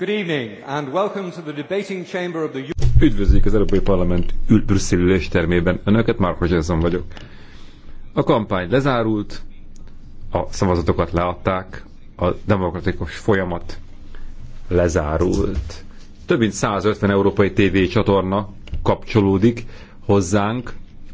Good evening and welcome to the debating chamber of the Üdvözlik az Európai Parlament ül termében. Önöket már Hozsászon vagyok. A kampány lezárult, a szavazatokat leadták, a demokratikus folyamat lezárult. Több mint 150 európai TV csatorna kapcsolódik hozzánk,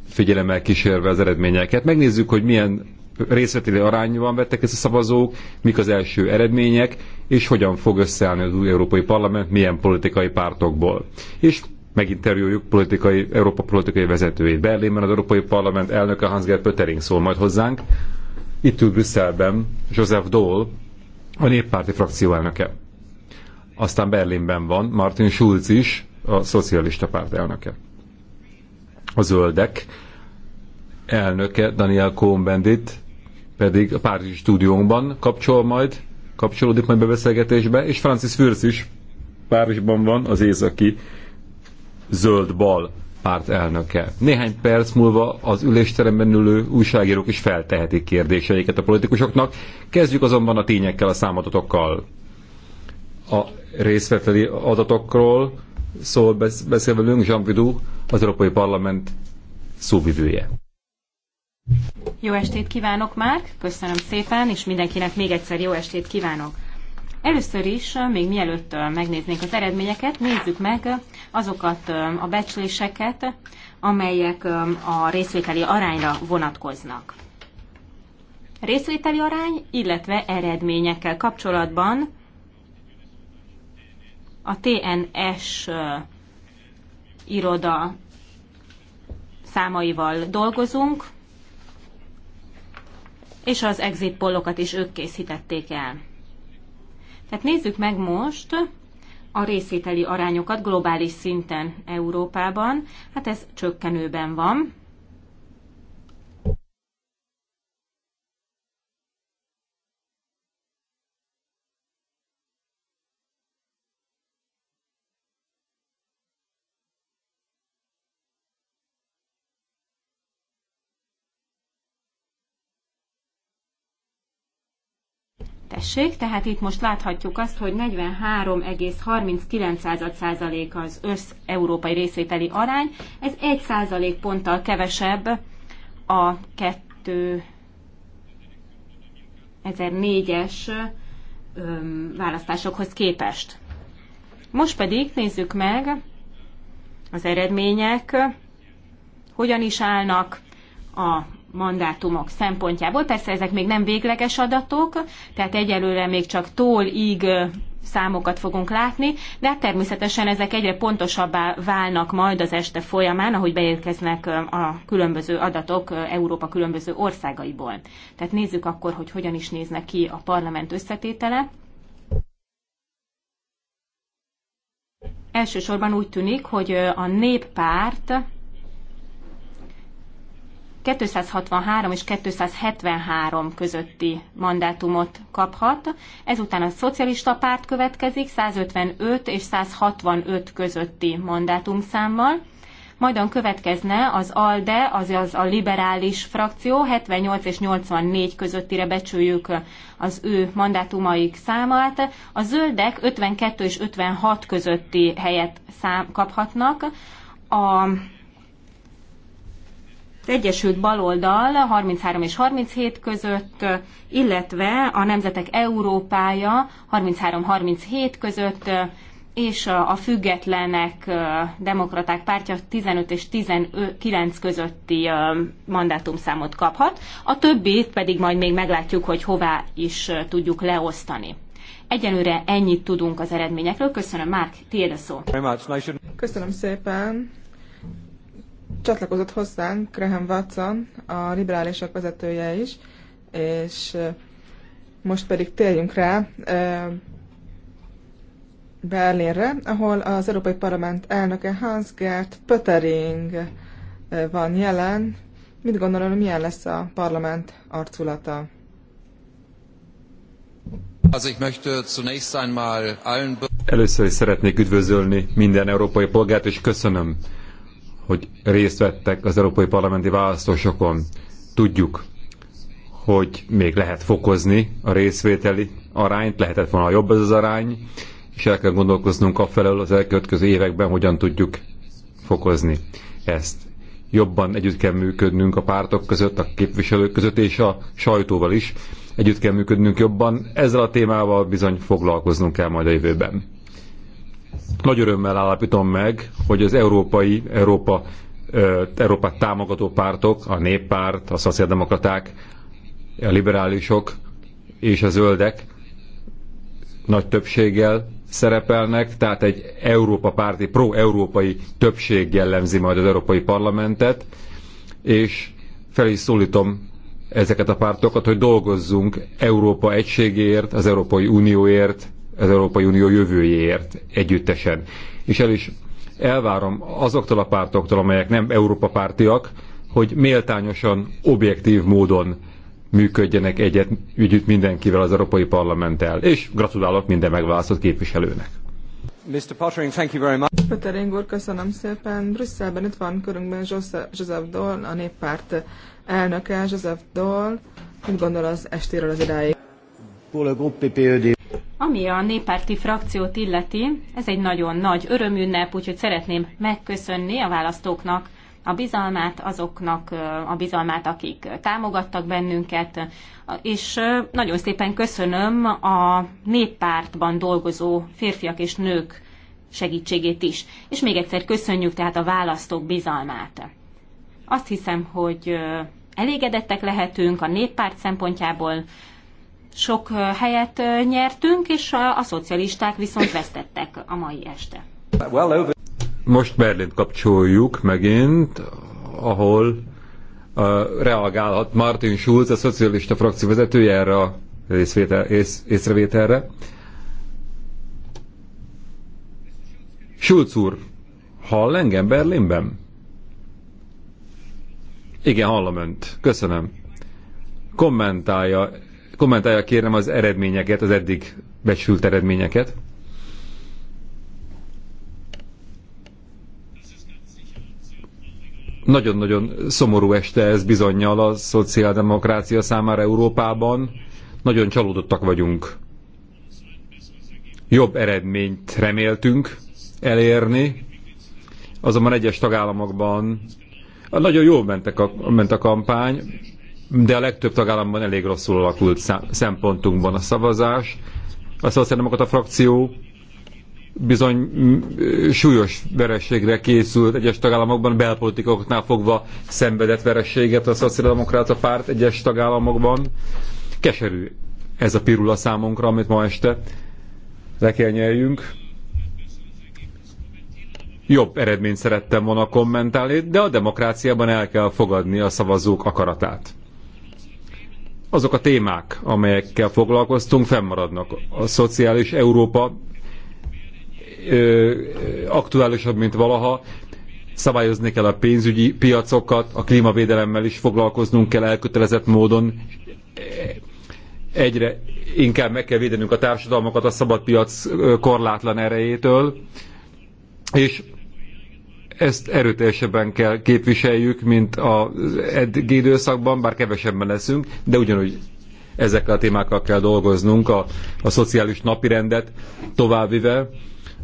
figyelemmel kísérve az eredményeket. Megnézzük, hogy milyen részvételi arányban vettek ezt a szavazók, mik az első eredmények, és hogyan fog összeállni az új Európai Parlament, milyen politikai pártokból. És meginterjújuk politikai, Európa politikai vezetőjét. Berlinben az Európai Parlament elnöke Hans-Gerd Pöttering szól majd hozzánk. Itt ül Brüsszelben Joseph Dole, a néppárti frakció elnöke. Aztán Berlinben van Martin Schulz is, a szocialista párt elnöke. A zöldek elnöke Daniel Cohn-Bendit, pedig a Párizsi stúdiónkban kapcsol majd, kapcsolódik majd be beszélgetésbe, és Francis Fürsz is Párizsban van, az északi zöld-bal párt elnöke. Néhány perc múlva az ülésteremben ülő újságírók is feltehetik kérdéseiket a politikusoknak. Kezdjük azonban a tényekkel, a számadatokkal. A részveteli adatokról szól beszélve velünk Jean az Európai Parlament szóvivője. Jó estét kívánok már, köszönöm szépen, és mindenkinek még egyszer jó estét kívánok. Először is, még mielőtt megnéznénk az eredményeket, nézzük meg azokat a becsléseket, amelyek a részvételi arányra vonatkoznak. Részvételi arány, illetve eredményekkel kapcsolatban a TNS iroda számaival dolgozunk, és az exit pollokat is ők készítették el. Tehát nézzük meg most a részvételi arányokat globális szinten Európában. Hát ez csökkenőben van, tessék, tehát itt most láthatjuk azt, hogy 43,39% az össz-európai részvételi arány, ez 1% ponttal kevesebb a 2004-es választásokhoz képest. Most pedig nézzük meg az eredmények, hogyan is állnak a mandátumok szempontjából. Persze ezek még nem végleges adatok, tehát egyelőre még csak tól-ig számokat fogunk látni, de hát természetesen ezek egyre pontosabbá válnak majd az este folyamán, ahogy beérkeznek a különböző adatok Európa különböző országaiból. Tehát nézzük akkor, hogy hogyan is néznek ki a parlament összetétele. Elsősorban úgy tűnik, hogy a néppárt 263 és 273 közötti mandátumot kaphat. Ezután a szocialista párt következik 155 és 165 közötti mandátumszámmal. Majdan következne az ALDE, azaz a liberális frakció, 78 és 84 közöttire becsüljük az ő mandátumaik számát. A zöldek 52 és 56 közötti helyet szám kaphatnak. A az Egyesült Baloldal 33 és 37 között, illetve a Nemzetek Európája 33-37 között, és a Függetlenek Demokraták pártja 15 és 19 közötti mandátumszámot kaphat, a többit pedig majd még meglátjuk, hogy hová is tudjuk leosztani. Egyelőre ennyit tudunk az eredményekről. Köszönöm, Márk, tiéd a szó. Köszönöm szépen csatlakozott hozzánk Graham Watson, a liberálisok vezetője is, és most pedig térjünk rá Berlinre, ahol az Európai Parlament elnöke Hans-Gert Pöttering van jelen. Mit gondolom, milyen lesz a parlament arculata? Először is szeretnék üdvözölni minden európai polgárt, és köszönöm hogy részt vettek az európai parlamenti választásokon. Tudjuk, hogy még lehet fokozni a részvételi arányt, lehetett volna jobb ez az arány, és el kell gondolkoznunk afelől az elkövetkező években, hogyan tudjuk fokozni ezt. Jobban együtt kell működnünk a pártok között, a képviselők között és a sajtóval is. Együtt kell működnünk jobban. Ezzel a témával bizony foglalkoznunk kell majd a jövőben. Nagy örömmel állapítom meg, hogy az európai, Európa, Európát támogató pártok, a néppárt, a szociáldemokraták, a liberálisok és a zöldek nagy többséggel szerepelnek, tehát egy Európa párti, pro-európai többség jellemzi majd az Európai Parlamentet, és fel is szólítom ezeket a pártokat, hogy dolgozzunk Európa egységéért, az Európai Unióért, az Európai Unió jövőjéért együttesen. És el is elvárom azoktól a pártoktól, amelyek nem Európa pártiak, hogy méltányosan, objektív módon működjenek egyet együtt mindenkivel az Európai Parlamenttel. És gratulálok minden megválasztott képviselőnek. Mr. Pottering, thank you very much. Pottering úr, köszönöm szépen. Brüsszelben itt van körünkben Joseph Dole, a néppárt elnöke. Joseph Dole, mit gondol az estéről az idáig? Pour le groupe PPED. Ami a néppárti frakciót illeti, ez egy nagyon nagy örömünnep, úgyhogy szeretném megköszönni a választóknak a bizalmát, azoknak a bizalmát, akik támogattak bennünket, és nagyon szépen köszönöm a néppártban dolgozó férfiak és nők segítségét is. És még egyszer köszönjük tehát a választók bizalmát. Azt hiszem, hogy elégedettek lehetünk a néppárt szempontjából, sok helyet nyertünk, és a, a szocialisták viszont vesztettek a mai este. Most Berlin kapcsoljuk megint, ahol uh, reagálhat Martin Schulz, a szocialista frakció vezetője erre a ész, észrevételre. Schulz úr, hall engem Berlinben? Igen, hallom önt. Köszönöm. Kommentálja kommentálja kérem az eredményeket, az eddig becsült eredményeket. Nagyon-nagyon szomorú este ez bizonyal a szociáldemokrácia számára Európában. Nagyon csalódottak vagyunk. Jobb eredményt reméltünk elérni, azonban egyes tagállamokban nagyon jól mentek a, ment a kampány, de a legtöbb tagállamban elég rosszul alakult szempontunkban a szavazás. A a frakció bizony mm, súlyos verességre készült egyes tagállamokban, belpolitikoknál fogva szenvedett verességet a szociáldemokrata párt egyes tagállamokban. Keserű ez a pirula számunkra, amit ma este le kell nyeljünk. Jobb eredményt szerettem volna kommentálni, de a demokráciában el kell fogadni a szavazók akaratát azok a témák, amelyekkel foglalkoztunk, fennmaradnak. A szociális Európa ö, aktuálisabb, mint valaha, szabályozni kell a pénzügyi piacokat, a klímavédelemmel is foglalkoznunk kell elkötelezett módon, egyre inkább meg kell védenünk a társadalmakat a szabadpiac korlátlan erejétől, és ezt erőteljesebben kell képviseljük, mint az eddig időszakban, bár kevesebben leszünk, de ugyanúgy ezekkel a témákkal kell dolgoznunk, a, a szociális napirendet továbbvive.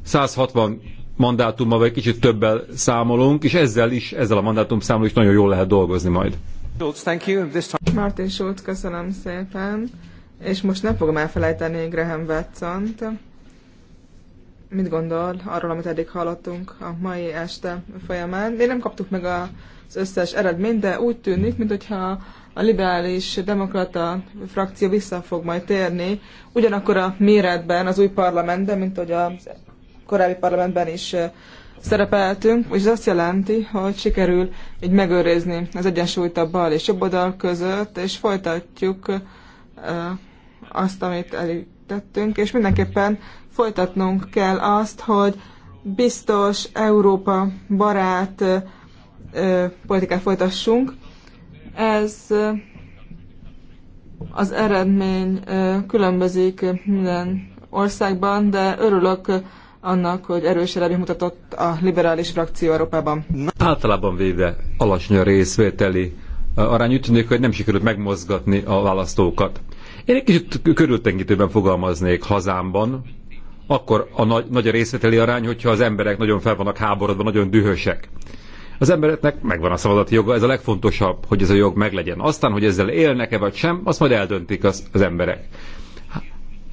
160 mandátummal vagy kicsit többel számolunk, és ezzel is, ezzel a mandátum számol is nagyon jól lehet dolgozni majd. Martin Schultz. köszönöm szépen. És most nem fogom elfelejteni Graham watson -t mit gondol arról, amit eddig hallottunk a mai este folyamán. Még nem kaptuk meg az összes eredményt, de úgy tűnik, mintha a liberális demokrata frakció vissza fog majd térni, ugyanakkor a méretben, az új parlamentben, mint hogy a korábbi parlamentben is szerepeltünk, és ez azt jelenti, hogy sikerül így megőrizni az egyensúlyt a bal és jobb oldal között, és folytatjuk azt, amit elítettünk, és mindenképpen folytatnunk kell azt, hogy biztos Európa barát politikát folytassunk. Ez az eredmény különbözik minden országban, de örülök annak, hogy erős eredmény mutatott a liberális frakció Európában. Általában véve alacsony a részvételi arány tűnik, hogy nem sikerült megmozgatni a választókat. Én egy kicsit körültengítőben fogalmaznék hazámban, akkor a nagy, nagy a részvételi arány, hogyha az emberek nagyon fel vannak háborodva, nagyon dühösek. Az embereknek megvan a szavazati joga, ez a legfontosabb, hogy ez a jog meglegyen. Aztán, hogy ezzel élnek-e vagy sem, azt majd eldöntik az, az emberek.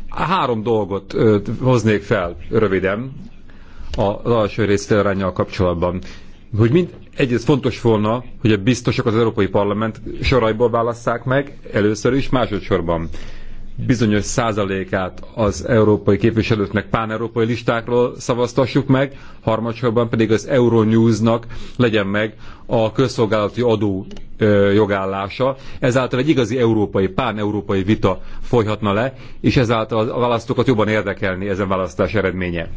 Három dolgot ö, hoznék fel röviden az alsó arányjal kapcsolatban. Hogy mind, egyrészt fontos volna, hogy a biztosok az Európai Parlament sorajból válasszák meg, először is, másodszorban bizonyos százalékát az európai képviselőknek pán-európai listákról szavaztassuk meg, harmadsorban pedig az Euronews-nak legyen meg a közszolgálati adó jogállása. Ezáltal egy igazi európai, pán-európai vita folyhatna le, és ezáltal a választókat jobban érdekelni ezen választás eredménye.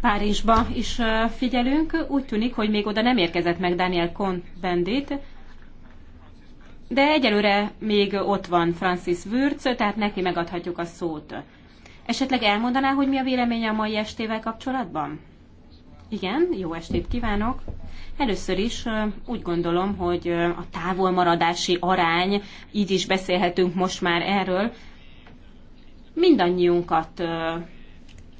Párizsba is figyelünk. Úgy tűnik, hogy még oda nem érkezett meg Daniel Cohn-Bendit, de egyelőre még ott van Francis Würz, tehát neki megadhatjuk a szót. Esetleg elmondaná, hogy mi a véleménye a mai estével kapcsolatban? Igen, jó estét kívánok! Először is úgy gondolom, hogy a távolmaradási arány, így is beszélhetünk most már erről, mindannyiunkat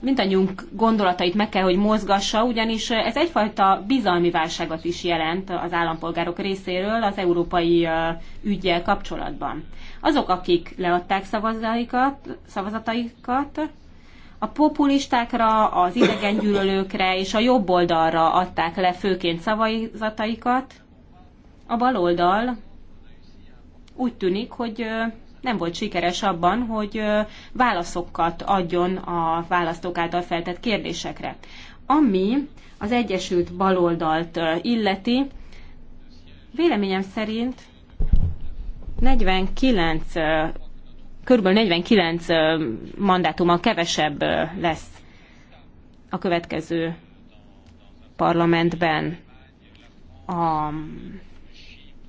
mindannyiunk gondolatait meg kell, hogy mozgassa, ugyanis ez egyfajta bizalmi válságot is jelent az állampolgárok részéről az európai ügyjel kapcsolatban. Azok, akik leadták szavazataikat, szavazataikat, a populistákra, az idegengyűlölőkre és a jobb oldalra adták le főként szavazataikat, a baloldal úgy tűnik, hogy nem volt sikeres abban, hogy válaszokat adjon a választók által feltett kérdésekre. Ami az Egyesült Baloldalt illeti, véleményem szerint 49, kb. 49 mandátummal kevesebb lesz a következő parlamentben a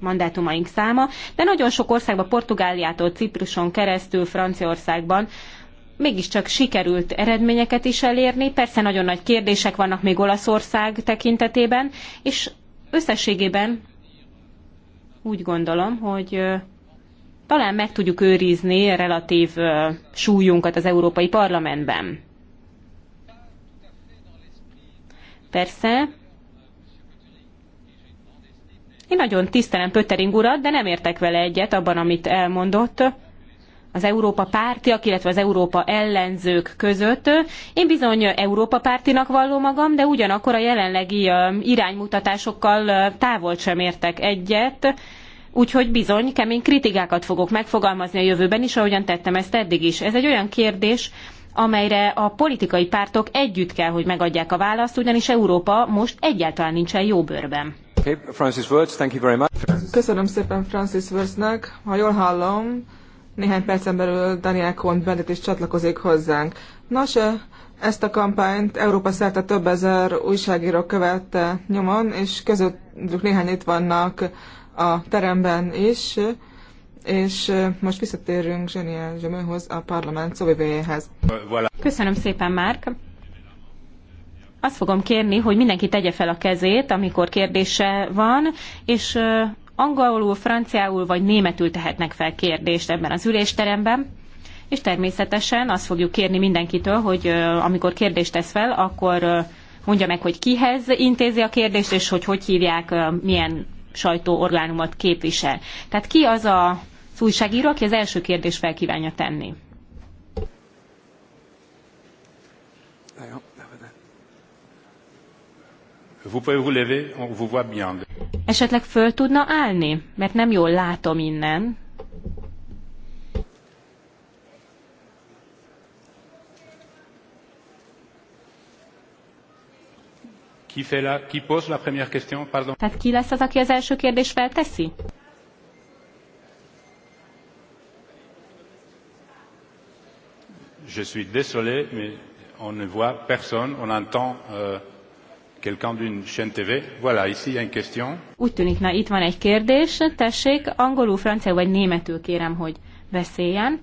mandátumaink száma, de nagyon sok országban, Portugáliától, Cipruson keresztül, Franciaországban mégiscsak sikerült eredményeket is elérni. Persze nagyon nagy kérdések vannak még Olaszország tekintetében, és összességében úgy gondolom, hogy talán meg tudjuk őrizni relatív súlyunkat az Európai Parlamentben. Persze, én nagyon tisztelem Pöttering urat, de nem értek vele egyet abban, amit elmondott az Európa pártiak, illetve az Európa ellenzők között. Én bizony Európa pártinak vallom magam, de ugyanakkor a jelenlegi um, iránymutatásokkal uh, távol sem értek egyet, úgyhogy bizony kemény kritikákat fogok megfogalmazni a jövőben is, ahogyan tettem ezt eddig is. Ez egy olyan kérdés, amelyre a politikai pártok együtt kell, hogy megadják a választ, ugyanis Európa most egyáltalán nincsen jó bőrben. Okay, Francis Words, thank you very much. Köszönöm szépen Francis Wordsnek. Ha jól hallom, néhány percen belül Daniel Kohn Bennett is csatlakozik hozzánk. Nos, ezt a kampányt Európa szerte több ezer újságíró követte nyomon, és közöttük néhány itt vannak a teremben is, és most visszatérünk Zsenia Zsömőhoz, a parlament szóvivőjéhez. Köszönöm szépen, Márk! azt fogom kérni, hogy mindenki tegye fel a kezét, amikor kérdése van, és angolul, franciául vagy németül tehetnek fel kérdést ebben az ülésteremben. És természetesen azt fogjuk kérni mindenkitől, hogy amikor kérdést tesz fel, akkor mondja meg, hogy kihez intézi a kérdést, és hogy hogy hívják, milyen sajtóorgánumot képvisel. Tehát ki az a újságíró, aki az első kérdést fel kívánja tenni? Ja. Esetleg föl tudna állni, mert nem jól látom innen. Ki, fait la, ki pose la première question? Pardon. Tehát ki lesz az, aki az első kérdés felteszi? Je suis désolé, mais on ne voit personne, on entend euh, Quelqu'un d'une chaîne TV? Voilà, ici une question. Úgy tűnik, na itt van egy kérdés. Tessék, angolul, francia vagy németül kérem, hogy beszéljen.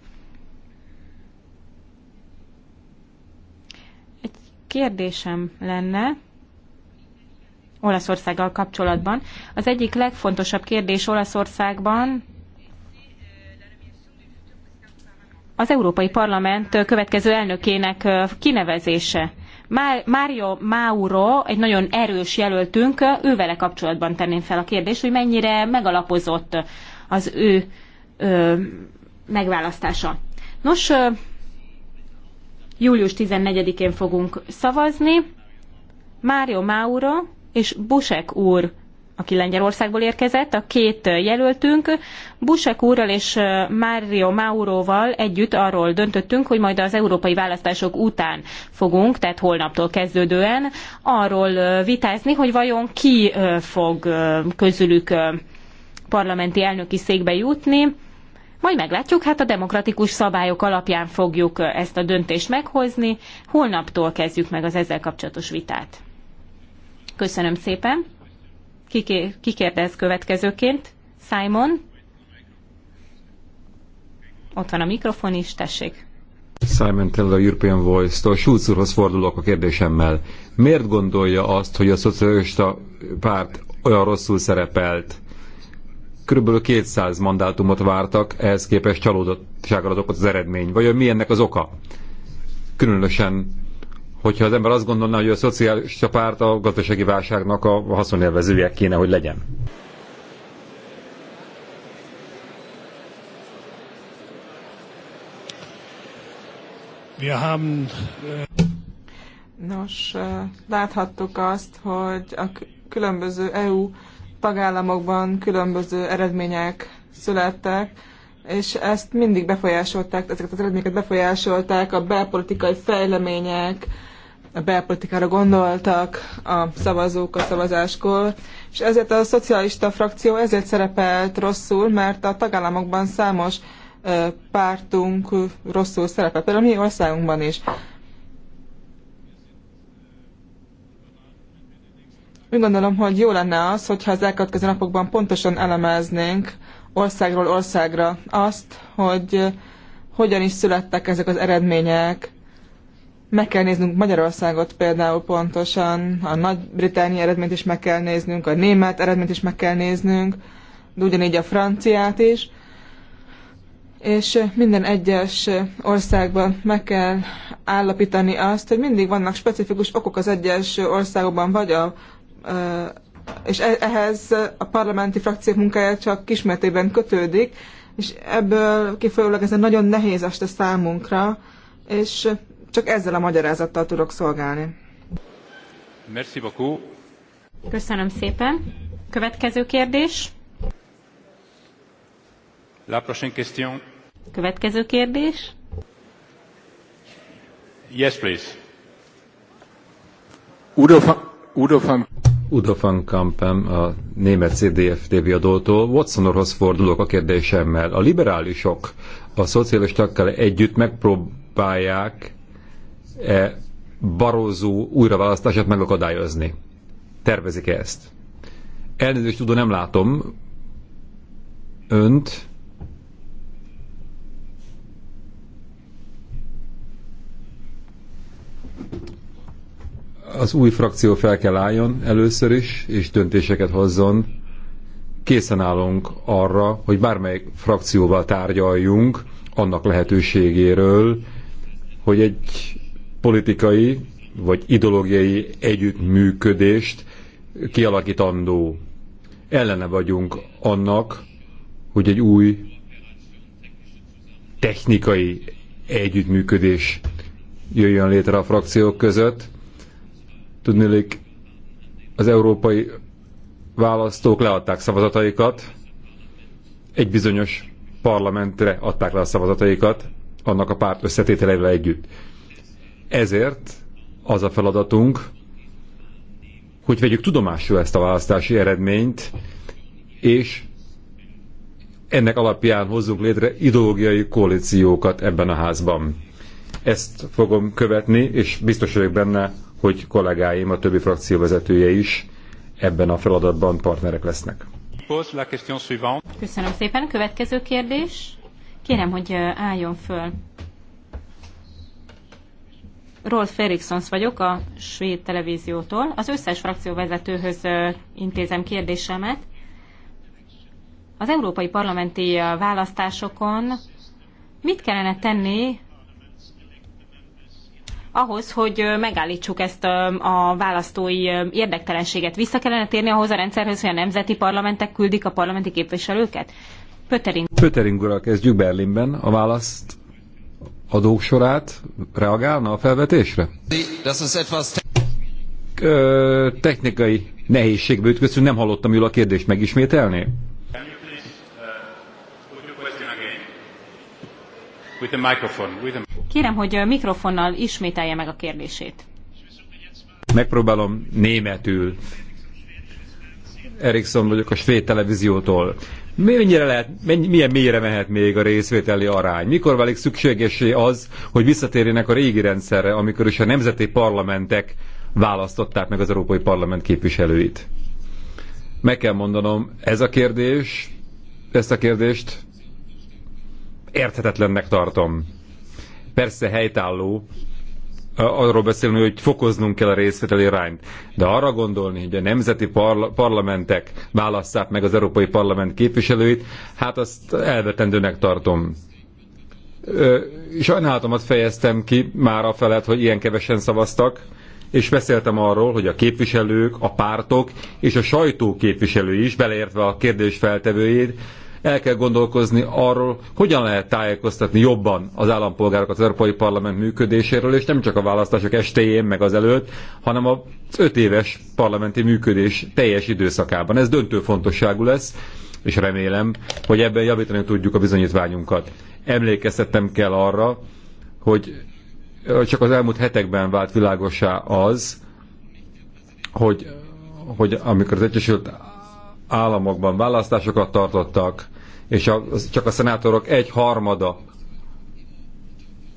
Egy kérdésem lenne. Olaszországgal kapcsolatban. Az egyik legfontosabb kérdés Olaszországban az Európai Parlament következő elnökének kinevezése. Mário Mauro, egy nagyon erős jelöltünk, ővele kapcsolatban tenném fel a kérdést, hogy mennyire megalapozott az ő ö, megválasztása. Nos, ö, július 14-én fogunk szavazni. Mário Mauro és Busek úr aki Lengyelországból érkezett, a két jelöltünk, Busek úrral és Mário Mauroval együtt arról döntöttünk, hogy majd az európai választások után fogunk, tehát holnaptól kezdődően, arról vitázni, hogy vajon ki fog közülük parlamenti elnöki székbe jutni, majd meglátjuk, hát a demokratikus szabályok alapján fogjuk ezt a döntést meghozni. Holnaptól kezdjük meg az ezzel kapcsolatos vitát. Köszönöm szépen! kikérdez következőként. Simon, ott van a mikrofon is, tessék. Simon Tell a European Voice-tól. Schulz úrhoz fordulok a kérdésemmel. Miért gondolja azt, hogy a szocialista párt olyan rosszul szerepelt? Körülbelül 200 mandátumot vártak, ehhez képest csalódottságra okot az eredmény. Vajon mi ennek az oka? Különösen hogyha az ember azt gondolná, hogy a szociális párt a gazdasági válságnak a haszonélvezője kéne, hogy legyen. Nos, láthattuk azt, hogy a különböző EU tagállamokban különböző eredmények születtek, és ezt mindig befolyásolták, ezeket az eredményeket befolyásolták a belpolitikai fejlemények, belpolitikára gondoltak a szavazók a szavazáskor, és ezért a szocialista frakció ezért szerepelt rosszul, mert a tagállamokban számos pártunk rosszul szerepel, például mi országunkban is. Úgy gondolom, hogy jó lenne az, hogyha az elkövetkező napokban pontosan elemeznénk országról országra azt, hogy hogyan is születtek ezek az eredmények, meg kell néznünk Magyarországot például pontosan, a nagy britanni eredményt is meg kell néznünk, a német eredményt is meg kell néznünk, de ugyanígy a franciát is. És minden egyes országban meg kell állapítani azt, hogy mindig vannak specifikus okok az egyes országokban, vagy a, és e, ehhez a parlamenti frakciók munkája csak kismertében kötődik, és ebből kifolyólag ez nagyon nehéz este számunkra, és csak ezzel a magyarázattal tudok szolgálni. Merci beaucoup. Köszönöm szépen. Következő kérdés. La prochaine question. Következő kérdés. Yes, please. Udo van, Udo van... Udo van Kampen, a német CDF TV adótól. Watsonorhoz fordulok a kérdésemmel. A liberálisok a szocialistakkal együtt megpróbálják E, Barózó újraválasztását megakadályozni. Tervezik-e ezt? Elnézést tudom, nem látom önt. Az új frakció fel kell álljon először is, és döntéseket hozzon. Készen állunk arra, hogy bármelyik frakcióval tárgyaljunk annak lehetőségéről, hogy egy politikai vagy ideológiai együttműködést kialakítandó. Ellene vagyunk annak, hogy egy új technikai együttműködés jöjjön létre a frakciók között. Tudnélik, az európai választók leadták szavazataikat, egy bizonyos parlamentre adták le a szavazataikat, annak a párt összetételeivel együtt. Ezért az a feladatunk, hogy vegyük tudomásul ezt a választási eredményt, és ennek alapján hozzunk létre ideológiai koalíciókat ebben a házban. Ezt fogom követni, és biztos vagyok benne, hogy kollégáim, a többi frakció vezetője is ebben a feladatban partnerek lesznek. Köszönöm szépen. Következő kérdés. Kérem, hogy álljon föl. Rolf Eriksons vagyok a svéd televíziótól. Az összes frakcióvezetőhöz intézem kérdésemet. Az európai parlamenti választásokon mit kellene tenni ahhoz, hogy megállítsuk ezt a választói érdektelenséget? Vissza kellene térni ahhoz a rendszerhez, hogy a nemzeti parlamentek küldik a parlamenti képviselőket? Pöttering. Pöttering kezdjük Berlinben a választ adók sorát reagálna a felvetésre? Ö, technikai nehézségbe ütköztünk, nem hallottam jól a kérdést, megismételné? Kérem, hogy a mikrofonnal ismételje meg a kérdését. Megpróbálom németül. Erikson vagyok a svéd televíziótól mennyire lehet, milyen mélyre mehet még a részvételi arány? Mikor válik szükségesé az, hogy visszatérjenek a régi rendszerre, amikor is a nemzeti parlamentek választották meg az Európai Parlament képviselőit? Meg kell mondanom, ez a kérdés, ezt a kérdést érthetetlennek tartom. Persze helytálló, arról beszélni, hogy fokoznunk kell a részvételi arányt. De arra gondolni, hogy a nemzeti parla- parlamentek válasszák meg az Európai Parlament képviselőit, hát azt elvetendőnek tartom. Ö, sajnálatomat fejeztem ki már a felett, hogy ilyen kevesen szavaztak, és beszéltem arról, hogy a képviselők, a pártok és a sajtó képviselői is, beleértve a kérdés feltevőjét, el kell gondolkozni arról, hogyan lehet tájékoztatni jobban az állampolgárokat az Európai Parlament működéséről, és nem csak a választások estéjén meg az előtt, hanem az öt éves parlamenti működés teljes időszakában. Ez döntő fontosságú lesz, és remélem, hogy ebben javítani tudjuk a bizonyítványunkat. Emlékeztetem kell arra, hogy csak az elmúlt hetekben vált világosá az, hogy, hogy amikor az Egyesült államokban választásokat tartottak, és a, csak a szenátorok egy harmada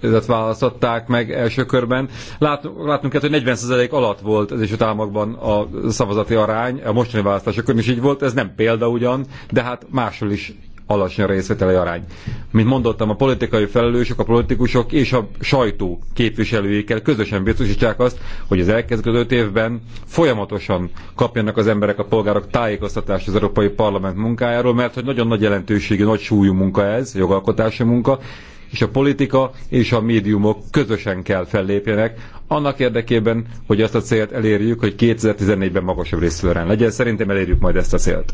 ezt választották meg első körben. Lát, látunk kell, hogy 40% alatt volt az is Államokban a szavazati arány, a mostani választásokon is így volt, ez nem példa ugyan, de hát máshol is alacsony részvételi arány. Mint mondottam, a politikai felelősök, a politikusok és a sajtó képviselőikkel közösen biztosítsák azt, hogy az elkezdődő évben folyamatosan kapjanak az emberek, a polgárok tájékoztatást az Európai Parlament munkájáról, mert hogy nagyon nagy jelentőségű, nagy súlyú munka ez, jogalkotási munka, és a politika és a médiumok közösen kell fellépjenek, annak érdekében, hogy azt a célt elérjük, hogy 2014-ben magasabb részülőren legyen. Szerintem elérjük majd ezt a célt.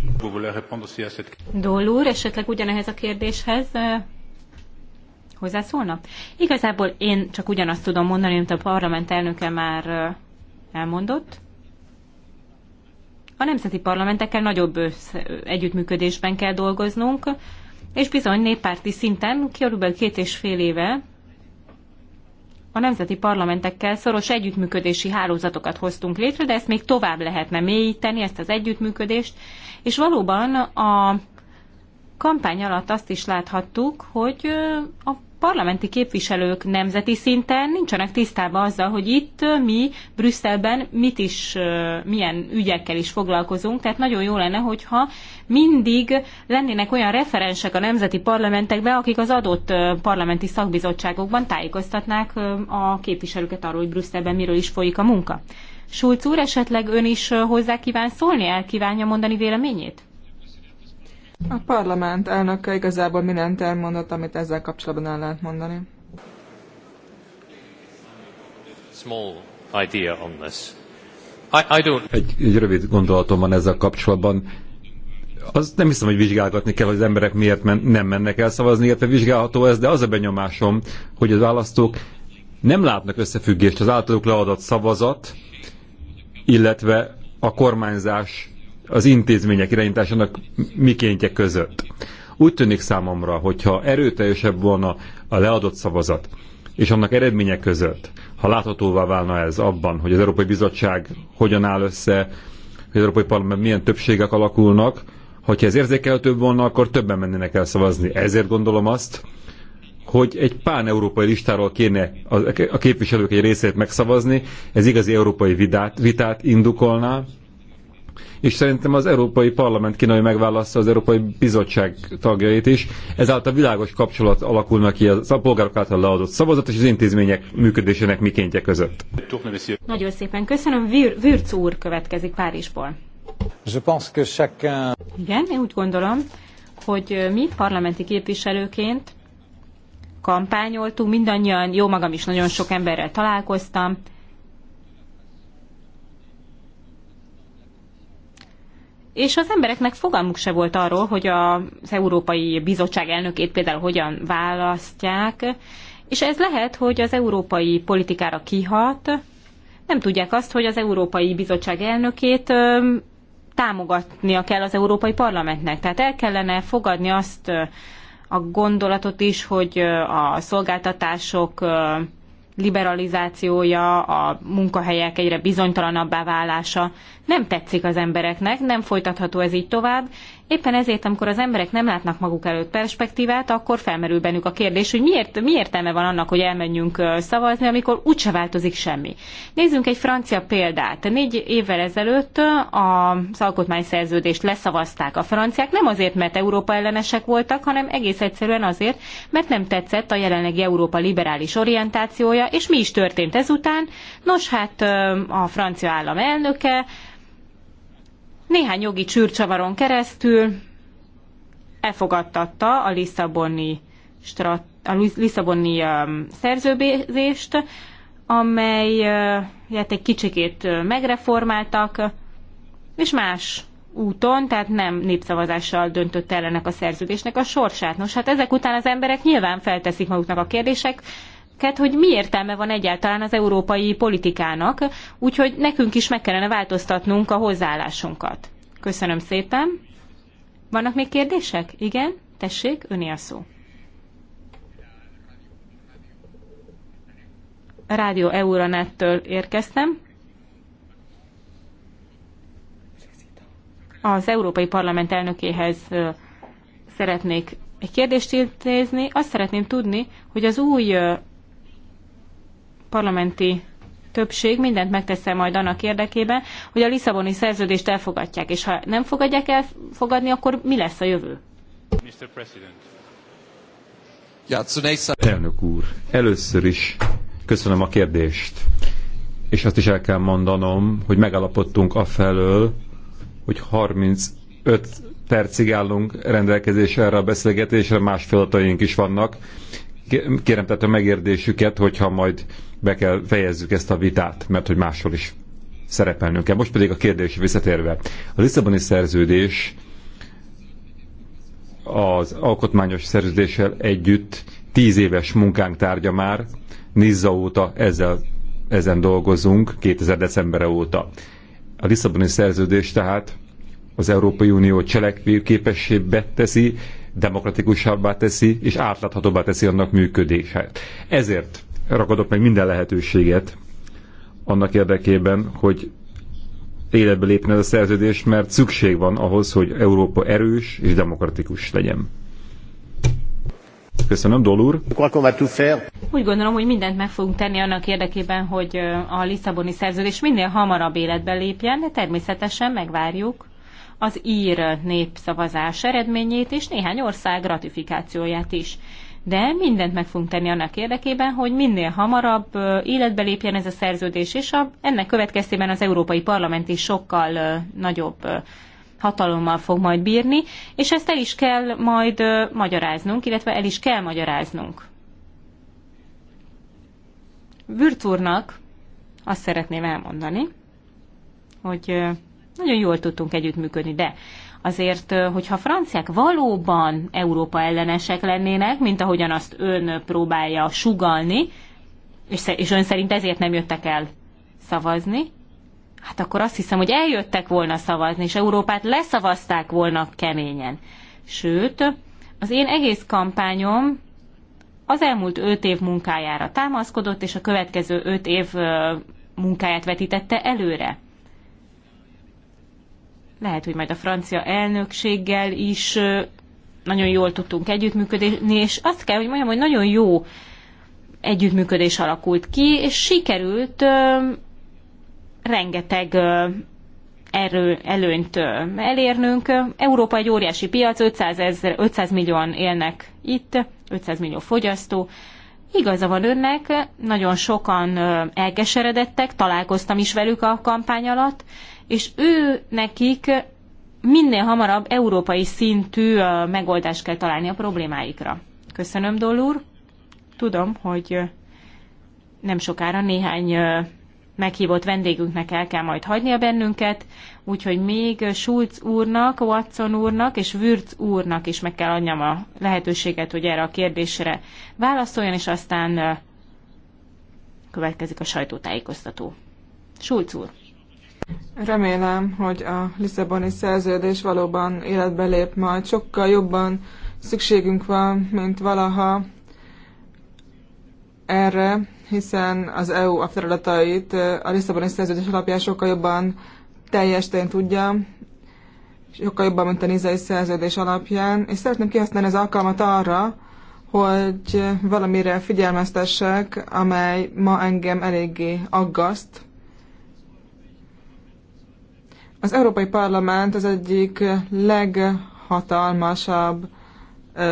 Dól úr, esetleg ugyanehhez a kérdéshez hozzászólna? Igazából én csak ugyanazt tudom mondani, amit a parlament elnöke már elmondott. A nemzeti parlamentekkel nagyobb együttműködésben kell dolgoznunk, és bizony néppárti szinten körülbelül két és fél éve a nemzeti parlamentekkel szoros együttműködési hálózatokat hoztunk létre, de ezt még tovább lehetne mélyíteni, ezt az együttműködést. És valóban a kampány alatt azt is láthattuk, hogy a parlamenti képviselők nemzeti szinten nincsenek tisztában azzal, hogy itt mi Brüsszelben mit is, milyen ügyekkel is foglalkozunk, tehát nagyon jó lenne, hogyha mindig lennének olyan referensek a nemzeti parlamentekben, akik az adott parlamenti szakbizottságokban tájékoztatnák a képviselőket arról, hogy Brüsszelben miről is folyik a munka. Schulz úr, esetleg ön is hozzá kíván szólni, el kívánja mondani véleményét? A parlament elnöke igazából mindent elmondott, amit ezzel kapcsolatban el lehet mondani. Small idea on this. I, I don't... Egy, egy rövid gondolatom van ezzel kapcsolatban. Az nem hiszem, hogy vizsgálgatni kell, hogy az emberek miért men, nem mennek el szavazni, illetve vizsgálható ez, de az a benyomásom, hogy az választók nem látnak összefüggést az általuk leadott szavazat, illetve a kormányzás az intézmények irányításának mikéntje között. Úgy tűnik számomra, hogyha erőteljesebb volna a leadott szavazat, és annak eredménye között, ha láthatóvá válna ez abban, hogy az Európai Bizottság hogyan áll össze, hogy az Európai Parlament milyen többségek alakulnak, hogyha ez érzékelhetőbb volna, akkor többen mennének el szavazni. Ezért gondolom azt, hogy egy pán-európai listáról kéne a képviselők egy részét megszavazni, ez igazi európai vitát, vitát indukolná, és szerintem az Európai Parlament kéne, hogy az Európai Bizottság tagjait is. Ezáltal világos kapcsolat alakulnak ki a polgárok által leadott szavazat és az intézmények működésének mikéntje között. Nagyon szépen köszönöm. Vürc úr következik Párizsból. Je pense que chacun... Igen, én úgy gondolom, hogy mi parlamenti képviselőként kampányoltunk, mindannyian, jó magam is nagyon sok emberrel találkoztam, és az embereknek fogalmuk se volt arról, hogy az Európai Bizottság elnökét például hogyan választják, és ez lehet, hogy az európai politikára kihat, nem tudják azt, hogy az Európai Bizottság elnökét támogatnia kell az Európai Parlamentnek. Tehát el kellene fogadni azt a gondolatot is, hogy a szolgáltatások liberalizációja, a munkahelyek egyre bizonytalanabbá válása nem tetszik az embereknek, nem folytatható ez így tovább, Éppen ezért, amikor az emberek nem látnak maguk előtt perspektívát, akkor felmerül bennük a kérdés, hogy miért, mi értelme van annak, hogy elmenjünk szavazni, amikor úgyse változik semmi. Nézzünk egy francia példát. Négy évvel ezelőtt az alkotmányszerződést leszavazták a franciák, nem azért, mert Európa ellenesek voltak, hanem egész egyszerűen azért, mert nem tetszett a jelenlegi Európa liberális orientációja, és mi is történt ezután? Nos, hát a francia állam elnöke néhány jogi csűrcsavaron keresztül elfogadtatta a Lisszaboni, strat, a Lisszaboni um, szerződést, amelyet uh, egy kicsikét uh, megreformáltak, és más úton, tehát nem népszavazással döntött el ennek a szerződésnek a sorsát. Nos, hát ezek után az emberek nyilván felteszik maguknak a kérdések, hogy mi értelme van egyáltalán az európai politikának, úgyhogy nekünk is meg kellene változtatnunk a hozzáállásunkat. Köszönöm szépen. Vannak még kérdések? Igen? Tessék, öné a szó. Rádió Euronettől érkeztem. Az Európai Parlament elnökéhez szeretnék egy kérdést intézni. Azt szeretném tudni, hogy az új parlamenti többség mindent megteszel majd annak érdekében, hogy a Lisszaboni szerződést elfogadják, és ha nem fogadják fogadni akkor mi lesz a jövő? Mr. President. Ja, zunächst... Elnök úr, először is köszönöm a kérdést. És azt is el kell mondanom, hogy a afelől, hogy 35 percig állunk rendelkezésre erre a beszélgetésre, más feladataink is vannak. Kérem tehát a megérdésüket, hogyha majd be kell fejezzük ezt a vitát, mert hogy máshol is szerepelnünk kell. Most pedig a kérdés visszatérve. A Lisszaboni szerződés az alkotmányos szerződéssel együtt tíz éves munkánk tárgya már, Nizza óta ezzel, ezen dolgozunk, 2000 decemberre óta. A Lisszaboni szerződés tehát az Európai Unió cselekvőképessébbé teszi, demokratikusabbá teszi, és átláthatóbbá teszi annak működését. Ezért rakadok meg minden lehetőséget annak érdekében, hogy életbe lépne ez a szerződés, mert szükség van ahhoz, hogy Európa erős és demokratikus legyen. Köszönöm, Dol úr. Úgy gondolom, hogy mindent meg fogunk tenni annak érdekében, hogy a Lisszaboni szerződés minél hamarabb életbe lépjen, de természetesen megvárjuk az ír népszavazás eredményét és néhány ország ratifikációját is de mindent meg fogunk tenni annak érdekében, hogy minél hamarabb életbe lépjen ez a szerződés, és a, ennek következtében az Európai Parlament is sokkal nagyobb hatalommal fog majd bírni, és ezt el is kell majd magyaráznunk, illetve el is kell magyaráznunk. Vürtúrnak azt szeretném elmondani, hogy nagyon jól tudtunk együttműködni, de Azért, hogyha a franciák valóban Európa ellenesek lennének, mint ahogyan azt ön próbálja sugalni, és, és ön szerint ezért nem jöttek el szavazni, hát akkor azt hiszem, hogy eljöttek volna szavazni, és Európát leszavazták volna keményen. Sőt, az én egész kampányom az elmúlt öt év munkájára támaszkodott, és a következő öt év munkáját vetítette előre. Lehet, hogy majd a francia elnökséggel is nagyon jól tudtunk együttműködni, és azt kell, hogy mondjam, hogy nagyon jó együttműködés alakult ki, és sikerült rengeteg erő, előnyt elérnünk. Európa egy óriási piac, 500, ezer, 500 millióan élnek itt, 500 millió fogyasztó. Igaza van önnek, nagyon sokan elkeseredettek, találkoztam is velük a kampány alatt, és ő nekik minél hamarabb európai szintű megoldást kell találni a problémáikra. Köszönöm, Dolur. Tudom, hogy nem sokára néhány meghívott vendégünknek el kell majd hagynia bennünket, úgyhogy még Schulz úrnak, Watson úrnak és Würz úrnak is meg kell adjam a lehetőséget, hogy erre a kérdésre válaszoljon, és aztán következik a sajtótájékoztató. Schulz úr. Remélem, hogy a Lisszaboni szerződés valóban életbe lép majd. Sokkal jobban szükségünk van, mint valaha erre, hiszen az EU a feladatait a Lisszaboni szerződés alapján sokkal jobban teljesen tudja, sokkal jobban, mint a nizai szerződés alapján, és szeretném kihasználni az alkalmat arra, hogy valamire figyelmeztessek, amely ma engem eléggé aggaszt, az Európai Parlament az egyik leghatalmasabb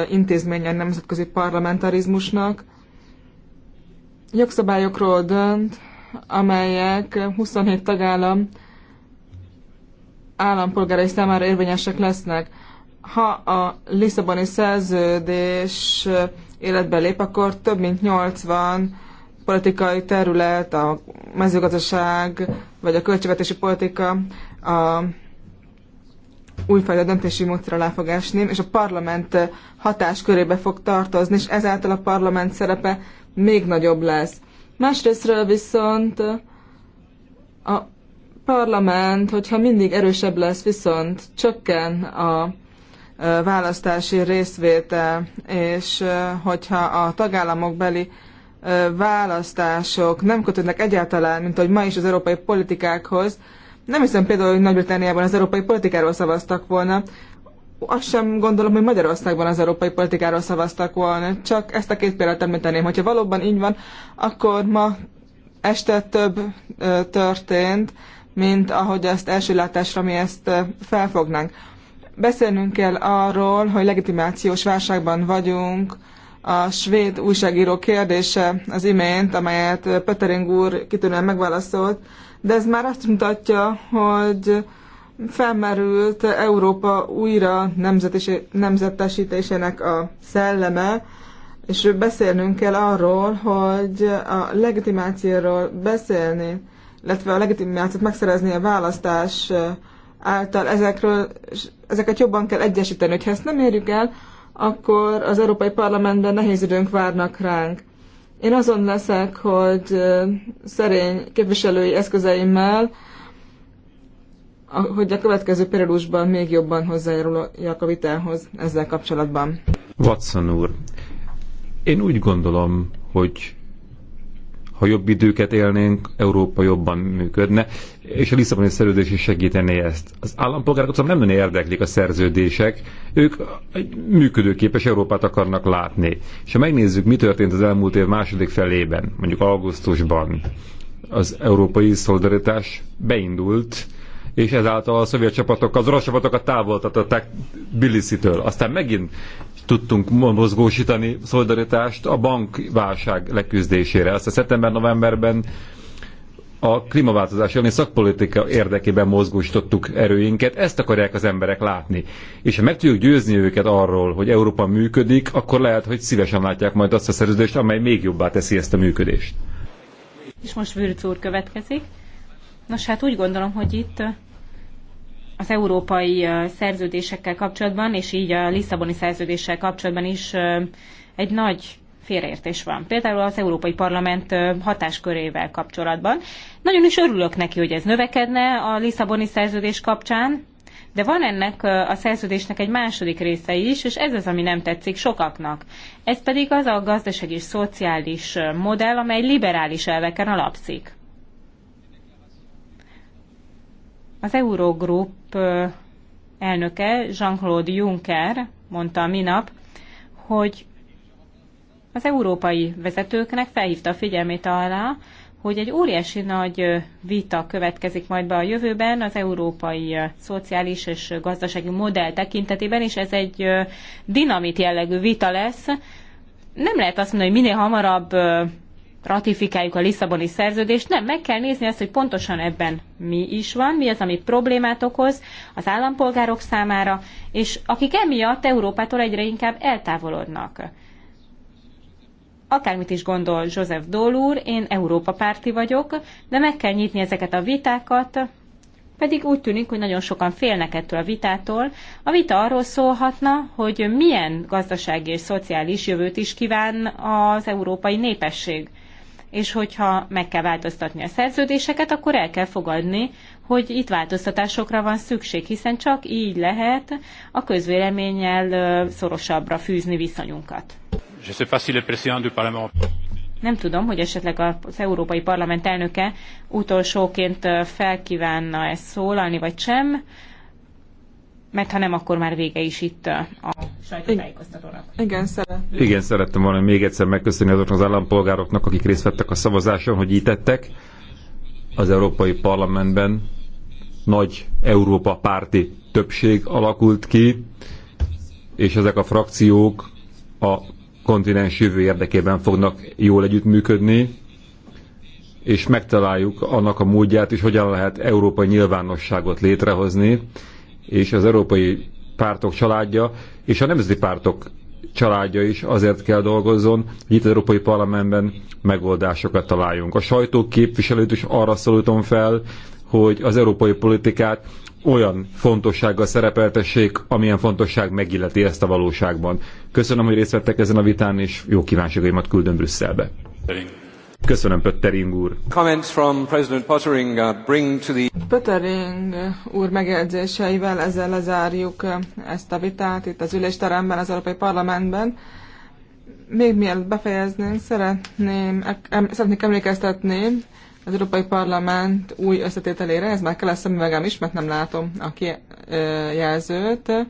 intézménye a nemzetközi parlamentarizmusnak. Jogszabályokról dönt, amelyek 27 tagállam állampolgárai számára érvényesek lesznek. Ha a Lisszaboni szerződés életbe lép, akkor több mint 80 politikai terület, a mezőgazdaság vagy a költségvetési politika a újfajta döntési módszer alá fog esni, és a parlament hatáskörébe fog tartozni, és ezáltal a parlament szerepe még nagyobb lesz. Másrésztről viszont a parlament, hogyha mindig erősebb lesz, viszont csökken a választási részvétel, és hogyha a tagállamok beli választások nem kötődnek egyáltalán, mint ahogy ma is az európai politikákhoz, nem hiszem például, hogy nagy az európai politikáról szavaztak volna. Azt sem gondolom, hogy Magyarországban az európai politikáról szavaztak volna. Csak ezt a két példát említeném. Hogyha valóban így van, akkor ma este több ö, történt, mint ahogy ezt első látásra mi ezt ö, felfognánk. Beszélnünk kell arról, hogy legitimációs válságban vagyunk, a svéd újságíró kérdése az imént, amelyet Pöttering úr kitűnően megválaszolt, de ez már azt mutatja, hogy felmerült Európa újra nemzetesítésének a szelleme, és beszélnünk kell arról, hogy a legitimációról beszélni, illetve a legitimációt megszerezni a választás által ezekről, ezeket jobban kell egyesíteni. hogyha ezt nem érjük el, akkor az Európai Parlamentben nehéz időnk várnak ránk. Én azon leszek, hogy szerény képviselői eszközeimmel, hogy a következő periódusban még jobban hozzájáruljak a vitához ezzel kapcsolatban. Watson úr, én úgy gondolom, hogy ha jobb időket élnénk, Európa jobban működne, és a Lisszaboni szerződés is segítené ezt. Az állampolgárok azonban nem nagyon érdeklik a szerződések, ők egy működőképes Európát akarnak látni. És ha megnézzük, mi történt az elmúlt év második felében, mondjuk augusztusban, az európai szolidaritás beindult, és ezáltal a szovjet csapatokat, az orosz csapatokat távoltatották tbilisi Aztán megint tudtunk mozgósítani szolidaritást a bankválság leküzdésére. Azt a szeptember-novemberben a klímaváltozás elleni szakpolitika érdekében mozgósítottuk erőinket, ezt akarják az emberek látni. És ha meg tudjuk győzni őket arról, hogy Európa működik, akkor lehet, hogy szívesen látják majd azt a szerződést, amely még jobbá teszi ezt a működést. És most Vürc úr következik. Nos, hát úgy gondolom, hogy itt az európai szerződésekkel kapcsolatban, és így a Lisszaboni szerződéssel kapcsolatban is egy nagy félreértés van. Például az Európai Parlament hatáskörével kapcsolatban. Nagyon is örülök neki, hogy ez növekedne a Lisszaboni szerződés kapcsán, de van ennek a szerződésnek egy második része is, és ez az, ami nem tetszik sokaknak. Ez pedig az a gazdasági és szociális modell, amely liberális elveken alapszik. Az Eurogroup elnöke Jean-Claude Juncker mondta a minap, hogy az európai vezetőknek felhívta a figyelmét arra, hogy egy óriási nagy vita következik majd be a jövőben az európai szociális és gazdasági modell tekintetében, és ez egy dinamit jellegű vita lesz. Nem lehet azt mondani, hogy minél hamarabb ratifikáljuk a Lisszaboni szerződést. Nem, meg kell nézni azt, hogy pontosan ebben mi is van, mi az, ami problémát okoz az állampolgárok számára, és akik emiatt Európától egyre inkább eltávolodnak. Akármit is gondol József Dól úr, én Európa párti vagyok, de meg kell nyitni ezeket a vitákat, pedig úgy tűnik, hogy nagyon sokan félnek ettől a vitától. A vita arról szólhatna, hogy milyen gazdasági és szociális jövőt is kíván az európai népesség és hogyha meg kell változtatni a szerződéseket, akkor el kell fogadni, hogy itt változtatásokra van szükség, hiszen csak így lehet a közvéleménnyel szorosabbra fűzni viszonyunkat. Nem tudom, hogy esetleg az Európai Parlament elnöke utolsóként felkívánna ezt szólalni, vagy sem mert ha nem, akkor már vége is itt a sajtótájékoztatónak. Igen, szeret. Igen, szerettem volna még egyszer megköszönni azoknak az állampolgároknak, akik részt vettek a szavazáson, hogy ítettek az Európai Parlamentben nagy Európa párti többség alakult ki, és ezek a frakciók a kontinens jövő érdekében fognak jól együttműködni, és megtaláljuk annak a módját is, hogyan lehet európai nyilvánosságot létrehozni, és az európai pártok családja, és a nemzeti pártok családja is azért kell dolgozzon, hogy itt az Európai Parlamentben megoldásokat találjunk. A sajtó képviselőt is arra szólítom fel, hogy az európai politikát olyan fontossággal szerepeltessék, amilyen fontosság megilleti ezt a valóságban. Köszönöm, hogy részt vettek ezen a vitán, és jó kívánságaimat küldöm Brüsszelbe. Köszönöm, Pöttering úr. Comments from President Pöttering uh, bring to the... Pöttering úr megjegyzéseivel ezzel lezárjuk uh, ezt a vitát itt az ülésteremben, az Európai Parlamentben. Még mielőtt befejeznénk, szeretném, em, szeretnék emlékeztetni az Európai Parlament új összetételére, ez már kell a szemüvegem is, mert nem látom a kijelzőt.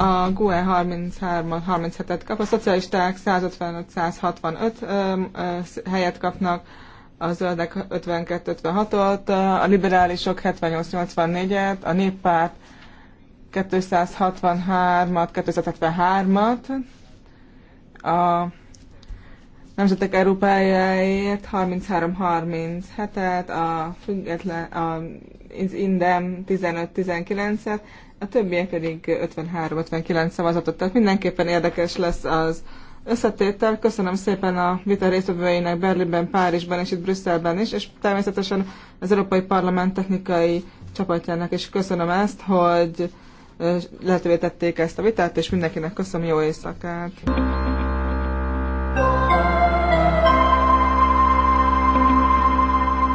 A GUE 33-37-et kap, a szocialisták 155-165 helyet kapnak, a zöldek 52-56-ot, a liberálisok 78-84-et, a néppárt 263-at, 273-at, a Nemzetek Európájáért 33-37-et, a független, a, az Indem 15-19-et, a többiek pedig 53-59 szavazatot, tehát mindenképpen érdekes lesz az összetétel. Köszönöm szépen a vita résztvevőinek Berlinben, Párizsban és itt Brüsszelben is, és természetesen az Európai Parlament technikai csapatjának is köszönöm ezt, hogy lehetővé tették ezt a vitát, és mindenkinek köszönöm jó éjszakát!